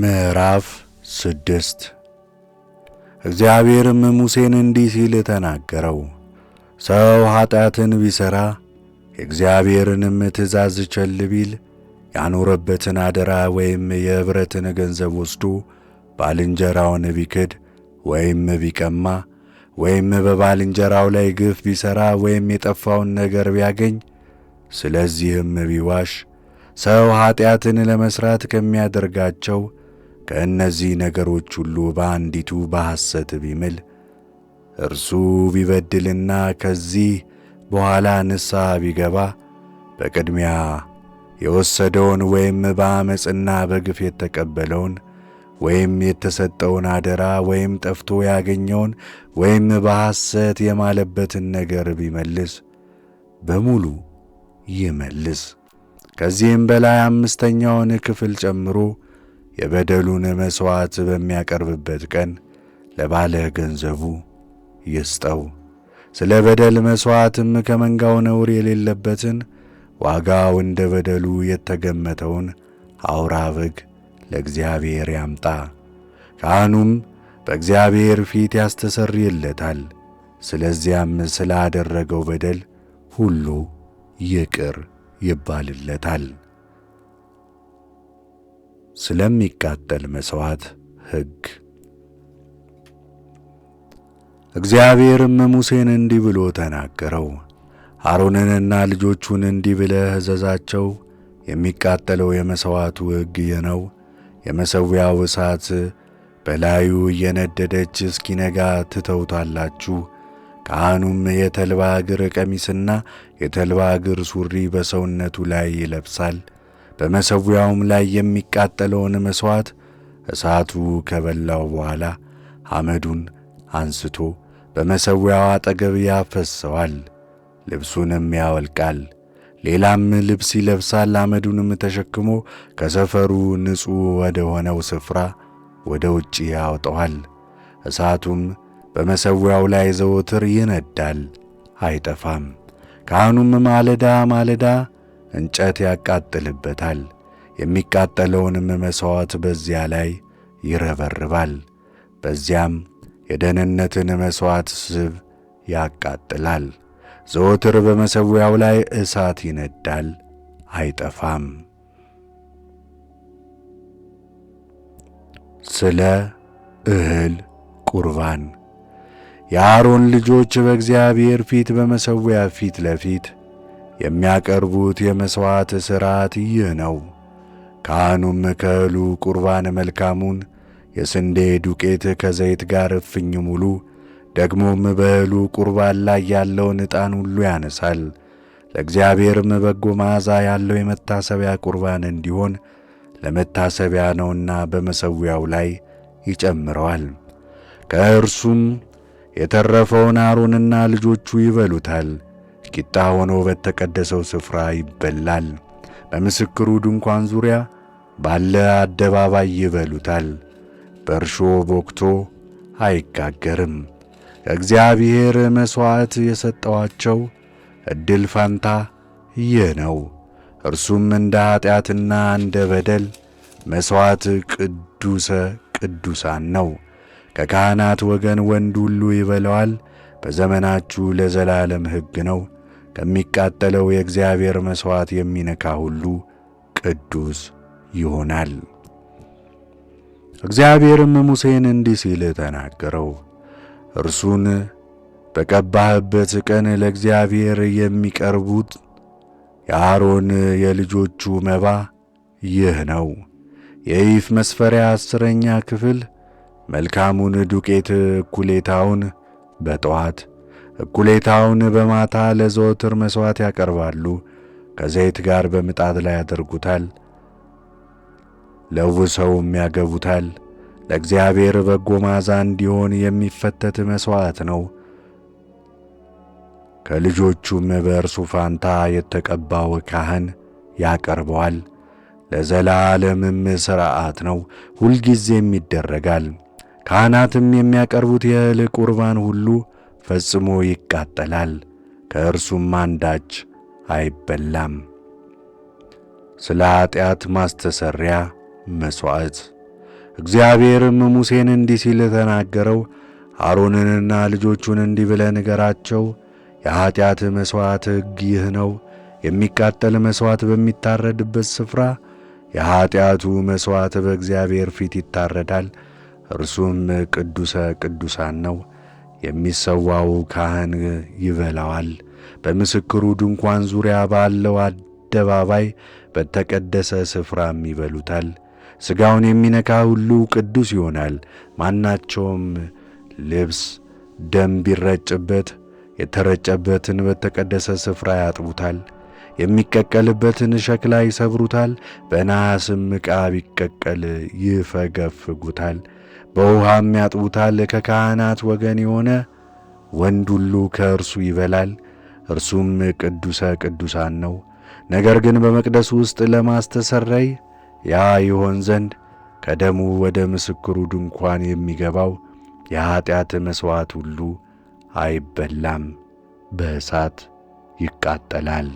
ምዕራፍ ስድስት እግዚአብሔርም ሙሴን እንዲህ ሲል ተናገረው። ሰው ኀጢአትን ቢሠራ የእግዚአብሔርንም ትእዛዝ ቸል ቢል ያኖረበትን አደራ ወይም የኅብረትን ገንዘብ ወስዶ ባልንጀራውን ቢክድ ወይም ቢቀማ ወይም በባልንጀራው ላይ ግፍ ቢሠራ ወይም የጠፋውን ነገር ቢያገኝ ስለዚህም ቢዋሽ ሰው ኀጢአትን ለመሥራት ከሚያደርጋቸው ከእነዚህ ነገሮች ሁሉ በአንዲቱ በሐሰት ቢምል እርሱ ቢበድልና ከዚህ በኋላ ንስሐ ቢገባ በቅድሚያ የወሰደውን ወይም በአመፅና በግፍ የተቀበለውን ወይም የተሰጠውን አደራ ወይም ጠፍቶ ያገኘውን ወይም በሐሰት የማለበትን ነገር ቢመልስ በሙሉ ይመልስ። ከዚህም በላይ አምስተኛውን ክፍል ጨምሮ የበደሉን መሥዋዕት በሚያቀርብበት ቀን ለባለ ገንዘቡ ይስጠው። ስለ በደል መሥዋዕትም ከመንጋው ነውር የሌለበትን ዋጋው እንደ በደሉ የተገመተውን አውራ በግ ለእግዚአብሔር ያምጣ። ካህኑም በእግዚአብሔር ፊት ያስተሰርይለታል። ስለዚያም ስላደረገው በደል ሁሉ ይቅር ይባልለታል። ስለሚቃጠል መሥዋዕት ሕግ። እግዚአብሔርም ሙሴን እንዲህ ብሎ ተናገረው። አሮንንና ልጆቹን እንዲህ ብለህ እዘዛቸው። የሚቃጠለው የመሥዋዕቱ ሕግ ይህ ነው። የመሠዊያው እሳት በላዩ እየነደደች እስኪነጋ ትተውታላችሁ። ካህኑም የተልባ እግር ቀሚስና የተልባ እግር ሱሪ በሰውነቱ ላይ ይለብሳል። በመሠዊያውም ላይ የሚቃጠለውን መሥዋዕት እሳቱ ከበላው በኋላ አመዱን አንስቶ በመሠዊያው አጠገብ ያፈሰዋል፣ ልብሱንም ያወልቃል። ሌላም ልብስ ይለብሳል። አመዱንም ተሸክሞ ከሰፈሩ ንጹሕ ወደ ሆነው ስፍራ ወደ ውጭ ያወጠዋል። እሳቱም በመሠዊያው ላይ ዘወትር ይነዳል፣ አይጠፋም። ካህኑም ማለዳ ማለዳ እንጨት ያቃጥልበታል፣ የሚቃጠለውንም መሥዋዕት በዚያ ላይ ይረበርባል። በዚያም የደህንነትን መሥዋዕት ስብ ያቃጥላል። ዘወትር በመሠዊያው ላይ እሳት ይነዳል፣ አይጠፋም። ስለ እህል ቁርባን የአሮን ልጆች በእግዚአብሔር ፊት በመሠዊያ ፊት ለፊት የሚያቀርቡት የመሥዋዕት ሥርዓት ይህ ነው። ካህኑም ከእህሉ ቁርባን መልካሙን የስንዴ ዱቄት ከዘይት ጋር እፍኝ ሙሉ ደግሞም በእህሉ ቁርባን ላይ ያለውን ዕጣን ሁሉ ያነሳል። ለእግዚአብሔርም በጎ መዓዛ ያለው የመታሰቢያ ቁርባን እንዲሆን ለመታሰቢያ ነውና በመሠዊያው ላይ ይጨምረዋል። ከእርሱም የተረፈውን አሮንና ልጆቹ ይበሉታል። ቂጣ ሆኖ በተቀደሰው ስፍራ ይበላል። በምስክሩ ድንኳን ዙሪያ ባለ አደባባይ ይበሉታል። በእርሾ ቦክቶ አይጋገርም። ከእግዚአብሔር መሥዋዕት የሰጠዋቸው ዕድል ፋንታ ይህ ነው። እርሱም እንደ ኀጢአትና እንደ በደል መሥዋዕት ቅዱሰ ቅዱሳን ነው። ከካህናት ወገን ወንድ ሁሉ ይበላዋል። በዘመናችሁ ለዘላለም ሕግ ነው። ከሚቃጠለው የእግዚአብሔር መሥዋዕት የሚነካ ሁሉ ቅዱስ ይሆናል። እግዚአብሔርም ሙሴን እንዲህ ሲል ተናገረው። እርሱን በቀባህበት ቀን ለእግዚአብሔር የሚቀርቡት የአሮን የልጆቹ መባ ይህ ነው። የኢፍ መስፈሪያ አስረኛ ክፍል መልካሙን ዱቄት እኩሌታውን በጠዋት እኩሌታውን በማታ ለዘወትር መሥዋዕት ያቀርባሉ፣ ከዘይት ጋር በምጣድ ላይ ያደርጉታል፣ ለውሰውም ያገቡታል። ለእግዚአብሔር በጎ መዓዛ እንዲሆን የሚፈተት መሥዋዕት ነው። ከልጆቹም በእርሱ ፋንታ የተቀባው ካህን ያቀርበዋል። ለዘላለምም ሥርዓት ነው፣ ሁልጊዜም ይደረጋል። ካህናትም የሚያቀርቡት የእህል ቁርባን ሁሉ ፈጽሞ ይቃጠላል፣ ከእርሱም አንዳች አይበላም። ስለ ኀጢአት ማስተሰሪያ መሥዋዕት እግዚአብሔርም ሙሴን እንዲህ ሲል ተናገረው። አሮንንና ልጆቹን እንዲህ ብለ ንገራቸው፣ የኀጢአት መሥዋዕት ሕግ ይህ ነው። የሚቃጠል መሥዋዕት በሚታረድበት ስፍራ የኀጢአቱ መሥዋዕት በእግዚአብሔር ፊት ይታረዳል፣ እርሱም ቅዱሰ ቅዱሳን ነው። የሚሰዋው ካህን ይበላዋል። በምስክሩ ድንኳን ዙሪያ ባለው አደባባይ በተቀደሰ ስፍራም ይበሉታል። ሥጋውን የሚነካ ሁሉ ቅዱስ ይሆናል። ማናቸውም ልብስ ደም ቢረጭበት የተረጨበትን በተቀደሰ ስፍራ ያጥቡታል። የሚቀቀልበትን ሸክላ ይሰብሩታል። በነሐስም ዕቃ ቢቀቀል ይፈገፍጉታል። በውሃም ያጥቡታል። ከካህናት ወገን የሆነ ወንድ ሁሉ ከእርሱ ይበላል፣ እርሱም ቅዱሰ ቅዱሳን ነው። ነገር ግን በመቅደሱ ውስጥ ለማስተሰረይ ያ ይሆን ዘንድ ከደሙ ወደ ምስክሩ ድንኳን የሚገባው የኀጢአት መሥዋዕት ሁሉ አይበላም፣ በእሳት ይቃጠላል።